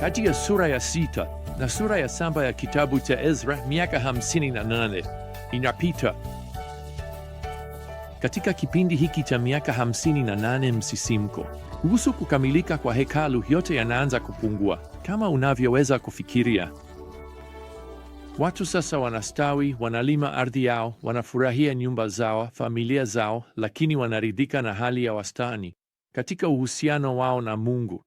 kati ya sura ya sita na sura ya saba ya kitabu cha Ezra miaka hamsini na nane inapita. Katika kipindi hiki cha miaka hamsini na nane msisimko kuhusu kukamilika kwa hekalu yote yanaanza kupungua kama unavyoweza kufikiria. Watu sasa wanastawi, wanalima ardhi yao, wanafurahia nyumba zao, familia zao, lakini wanaridhika na hali ya wastani katika uhusiano wao na Mungu.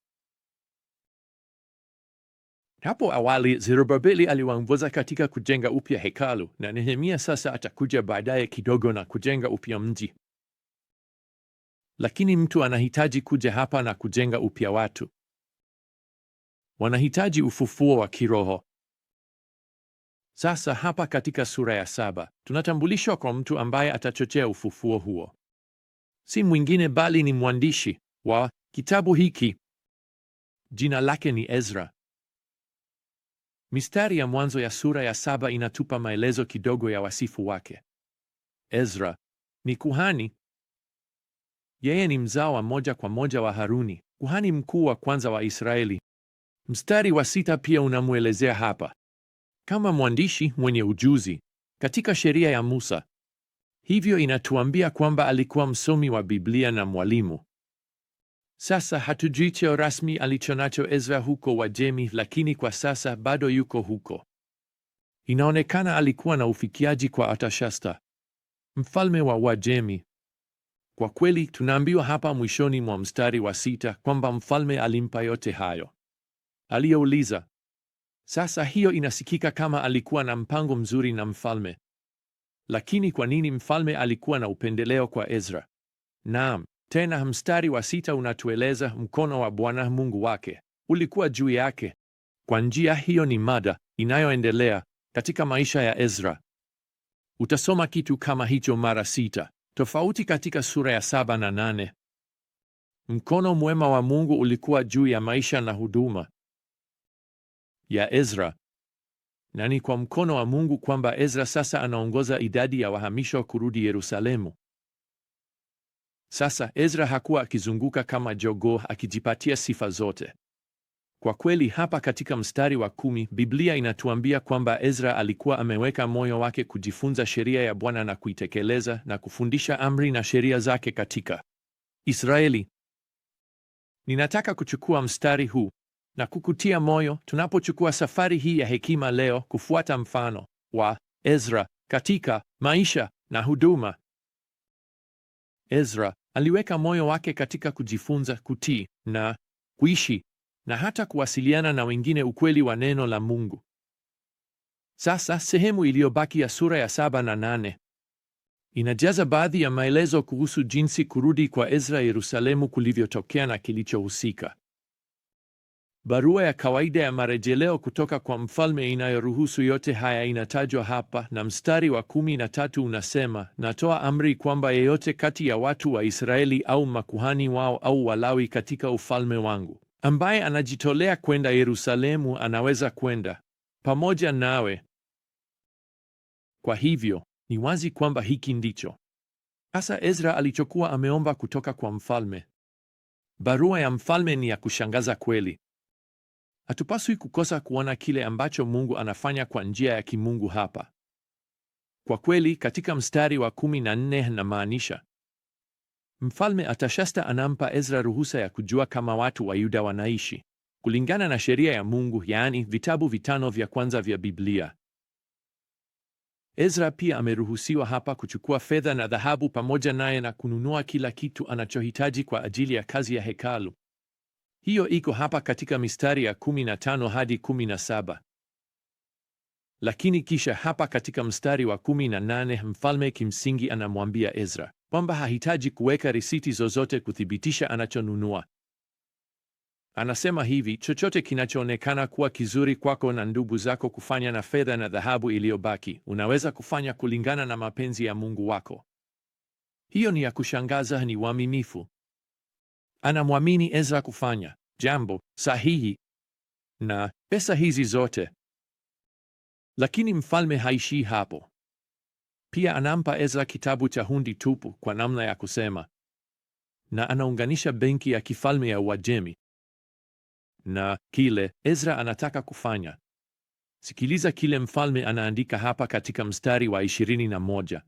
Hapo awali Zerubabeli aliwaongoza katika kujenga upya hekalu, na Nehemia sasa atakuja baadaye kidogo na kujenga upya mji. Lakini mtu anahitaji kuja hapa na kujenga upya watu. Wanahitaji ufufuo wa kiroho. Sasa hapa katika sura ya saba tunatambulishwa kwa mtu ambaye atachochea ufufuo huo, si mwingine bali ni mwandishi wa kitabu hiki. Jina lake ni Ezra. Mistari ya mwanzo ya sura ya saba inatupa maelezo kidogo ya wasifu wake. Ezra ni kuhani. Yeye ni mzao wa moja kwa moja wa Haruni, kuhani mkuu wa kwanza wa Israeli. Mstari wa sita pia unamwelezea hapa kama mwandishi mwenye ujuzi katika sheria ya Musa. Hivyo inatuambia kwamba alikuwa msomi wa Biblia na mwalimu. Sasa hatujui cheo rasmi alichonacho Ezra huko Wajemi, lakini kwa sasa bado yuko huko. Inaonekana alikuwa na ufikiaji kwa Atashasta, mfalme wa Wajemi. Kwa kweli tunaambiwa hapa mwishoni mwa mstari wa sita kwamba mfalme alimpa yote hayo aliyouliza. Sasa hiyo inasikika kama alikuwa na mpango mzuri na mfalme, lakini kwa nini mfalme alikuwa na upendeleo kwa Ezra? Naam, tena mstari wa sita unatueleza mkono wa Bwana Mungu wake ulikuwa juu yake. Kwa njia hiyo, ni mada inayoendelea katika maisha ya Ezra. Utasoma kitu kama hicho mara sita tofauti katika sura ya saba na nane. Mkono mwema wa Mungu ulikuwa juu ya maisha na huduma ya Ezra, na ni kwa mkono wa Mungu kwamba Ezra sasa anaongoza idadi ya wahamisho kurudi Yerusalemu. Sasa Ezra hakuwa akizunguka kama jogoo akijipatia sifa zote. Kwa kweli hapa katika mstari wa kumi Biblia inatuambia kwamba Ezra alikuwa ameweka moyo wake kujifunza sheria ya Bwana na kuitekeleza na kufundisha amri na sheria zake katika Israeli. Ninataka kuchukua mstari huu na kukutia moyo tunapochukua safari hii ya hekima leo kufuata mfano wa Ezra katika maisha na huduma. Ezra Aliweka moyo wake katika kujifunza, kutii na kuishi na hata kuwasiliana na wengine ukweli wa neno la Mungu. Sasa sehemu iliyobaki ya sura ya saba na nane inajaza baadhi ya maelezo kuhusu jinsi kurudi kwa Ezra Yerusalemu kulivyotokea na kilichohusika. Barua ya kawaida ya marejeleo kutoka kwa mfalme inayoruhusu yote haya inatajwa hapa, na mstari wa kumi na tatu unasema, natoa amri kwamba yeyote kati ya watu wa Israeli au makuhani wao au Walawi katika ufalme wangu ambaye anajitolea kwenda Yerusalemu anaweza kwenda pamoja nawe. Kwa hivyo ni wazi kwamba hiki ndicho hasa Ezra alichokuwa ameomba kutoka kwa mfalme. Barua ya mfalme ni ya kushangaza kweli. Hatupaswi kukosa kuona kile ambacho Mungu anafanya kwa njia ya kimungu hapa. Kwa kweli, katika mstari wa kumi na nne namaanisha Mfalme Atashasta anampa Ezra ruhusa ya kujua kama watu wa Yuda wanaishi kulingana na sheria ya Mungu, yaani vitabu vitano vya kwanza vya Biblia. Ezra pia ameruhusiwa hapa kuchukua fedha na dhahabu pamoja naye na kununua kila kitu anachohitaji kwa ajili ya kazi ya hekalu. Hiyo iko hapa katika mistari ya 15 hadi 17. Lakini kisha hapa katika mstari wa 18 mfalme kimsingi anamwambia Ezra kwamba hahitaji kuweka risiti zozote kuthibitisha anachonunua. Anasema hivi, chochote kinachoonekana kuwa kizuri kwako na ndugu zako kufanya na fedha na dhahabu iliyobaki, unaweza kufanya kulingana na mapenzi ya Mungu wako. Hiyo ni ya kushangaza, ni uaminifu anamwamini Ezra kufanya jambo sahihi na pesa hizi zote. Lakini mfalme haishii hapo. Pia anampa Ezra kitabu cha hundi tupu kwa namna ya kusema, na anaunganisha benki ya kifalme ya Uajemi na kile Ezra anataka kufanya. Sikiliza kile mfalme anaandika hapa katika mstari wa ishirini na moja: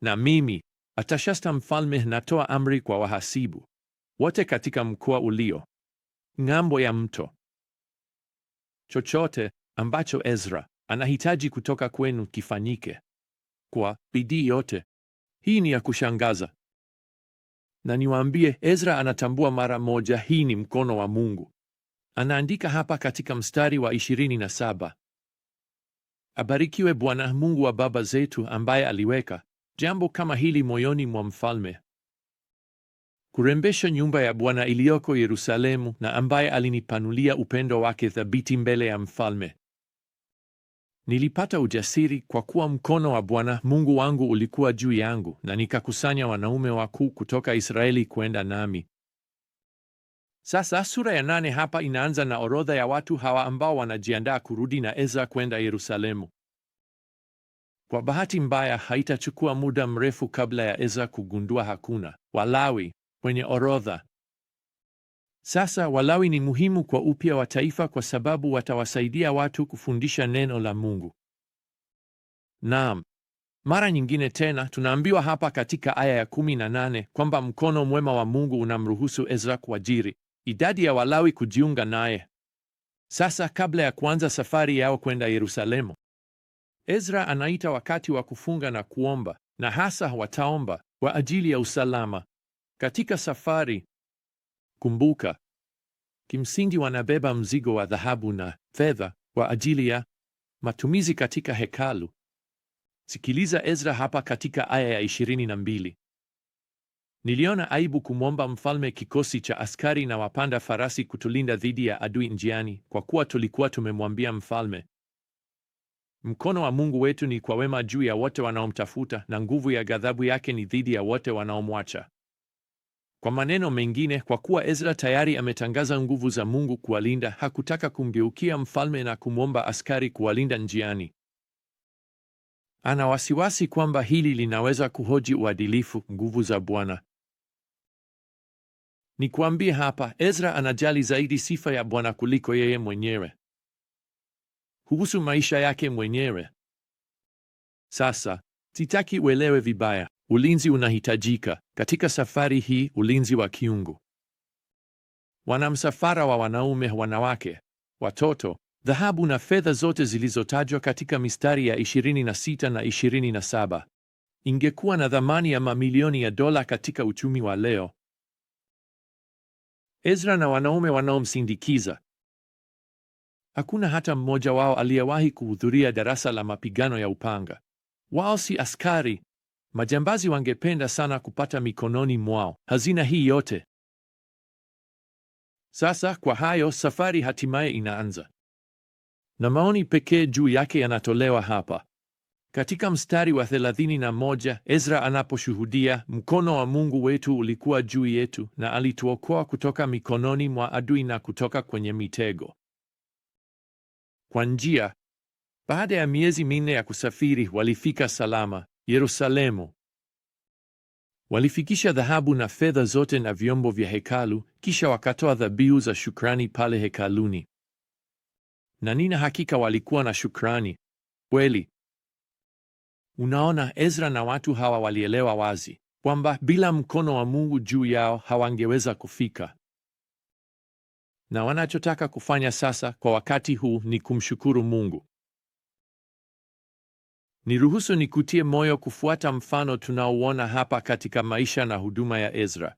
na mimi Atashasta mfalme natoa amri kwa wahasibu wote katika mkoa ulio ng'ambo ya mto. Chochote ambacho Ezra anahitaji kutoka kwenu kifanyike kwa bidii yote. Hii ni ya kushangaza, na niwaambie, Ezra anatambua mara moja hii ni mkono wa Mungu. Anaandika hapa katika mstari wa 27, abarikiwe Bwana Mungu wa baba zetu, ambaye aliweka jambo kama hili moyoni mwa mfalme kurembesha nyumba ya Bwana iliyoko Yerusalemu, na ambaye alinipanulia upendo wake thabiti mbele ya mfalme. Nilipata ujasiri kwa kuwa mkono wa Bwana Mungu wangu ulikuwa juu yangu, na nikakusanya wanaume wakuu kutoka Israeli kwenda nami. Sasa sura ya nane hapa inaanza na orodha ya watu hawa ambao wanajiandaa kurudi na Ezra kwenda Yerusalemu. Kwa bahati mbaya, haitachukua muda mrefu kabla ya Ezra kugundua hakuna Walawi kwenye orodha. Sasa Walawi ni muhimu kwa upya wa taifa kwa sababu watawasaidia watu kufundisha neno la Mungu. Naam. Mara nyingine tena tunaambiwa hapa katika aya ya 18 kwamba mkono mwema wa Mungu unamruhusu Ezra kuajiri idadi ya Walawi kujiunga naye. Sasa kabla ya kuanza safari yao kwenda Yerusalemu, Ezra anaita wakati wa kufunga na kuomba, na hasa wataomba kwa ajili ya usalama katika safari, kumbuka, kimsingi wanabeba mzigo wa dhahabu na fedha kwa ajili ya matumizi katika hekalu. Sikiliza Ezra hapa katika aya ya 22. Niliona aibu kumwomba mfalme kikosi cha askari na wapanda farasi kutulinda dhidi ya adui njiani, kwa kuwa tulikuwa tumemwambia mfalme, mkono wa Mungu wetu ni kwa wema juu ya wote wanaomtafuta, na nguvu ya ghadhabu yake ni dhidi ya wote wanaomwacha. Kwa maneno mengine, kwa kuwa Ezra tayari ametangaza nguvu za Mungu kuwalinda, hakutaka kumgeukia mfalme na kumwomba askari kuwalinda njiani. Ana wasiwasi kwamba hili linaweza kuhoji uadilifu, nguvu za Bwana. Nikwambie hapa, Ezra anajali zaidi sifa ya Bwana kuliko yeye mwenyewe, kuhusu maisha yake mwenyewe. Sasa sitaki uelewe vibaya. Ulinzi unahitajika katika safari hii, ulinzi wa kiungu. Wanamsafara wa wanaume, wanawake, watoto, dhahabu na fedha, zote zilizotajwa katika mistari ya 26 na 27 ingekuwa na thamani ya mamilioni ya dola katika uchumi wa leo. Ezra na wanaume wanaomsindikiza, hakuna hata mmoja wao aliyewahi kuhudhuria darasa la mapigano ya upanga. Wao si askari, Majambazi wangependa sana kupata mikononi mwao hazina hii yote. Sasa kwa hayo, safari hatimaye inaanza, na maoni pekee juu yake yanatolewa hapa katika mstari wa 31. Ezra anaposhuhudia, mkono wa Mungu wetu ulikuwa juu yetu na alituokoa kutoka mikononi mwa adui na kutoka kwenye mitego kwa njia. Baada ya miezi minne ya kusafiri, walifika salama Yerusalemu. Walifikisha dhahabu na fedha zote na vyombo vya hekalu, kisha wakatoa dhabihu za shukrani pale hekaluni. Na nina hakika walikuwa na shukrani kweli. Unaona, Ezra na watu hawa walielewa wazi kwamba bila mkono wa Mungu juu yao hawangeweza kufika, na wanachotaka kufanya sasa kwa wakati huu ni kumshukuru Mungu. Niruhusu nikutie moyo kufuata mfano tunaouona hapa katika maisha na huduma ya Ezra.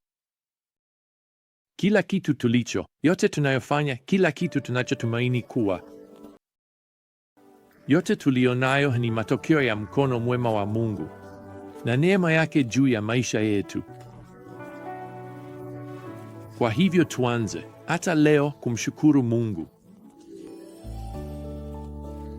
Kila kitu tulicho, yote tunayofanya, kila kitu tunachotumaini kuwa, yote tulionayo ni matokeo ya mkono mwema wa Mungu na neema yake juu ya maisha yetu. Kwa hivyo tuanze hata leo kumshukuru Mungu.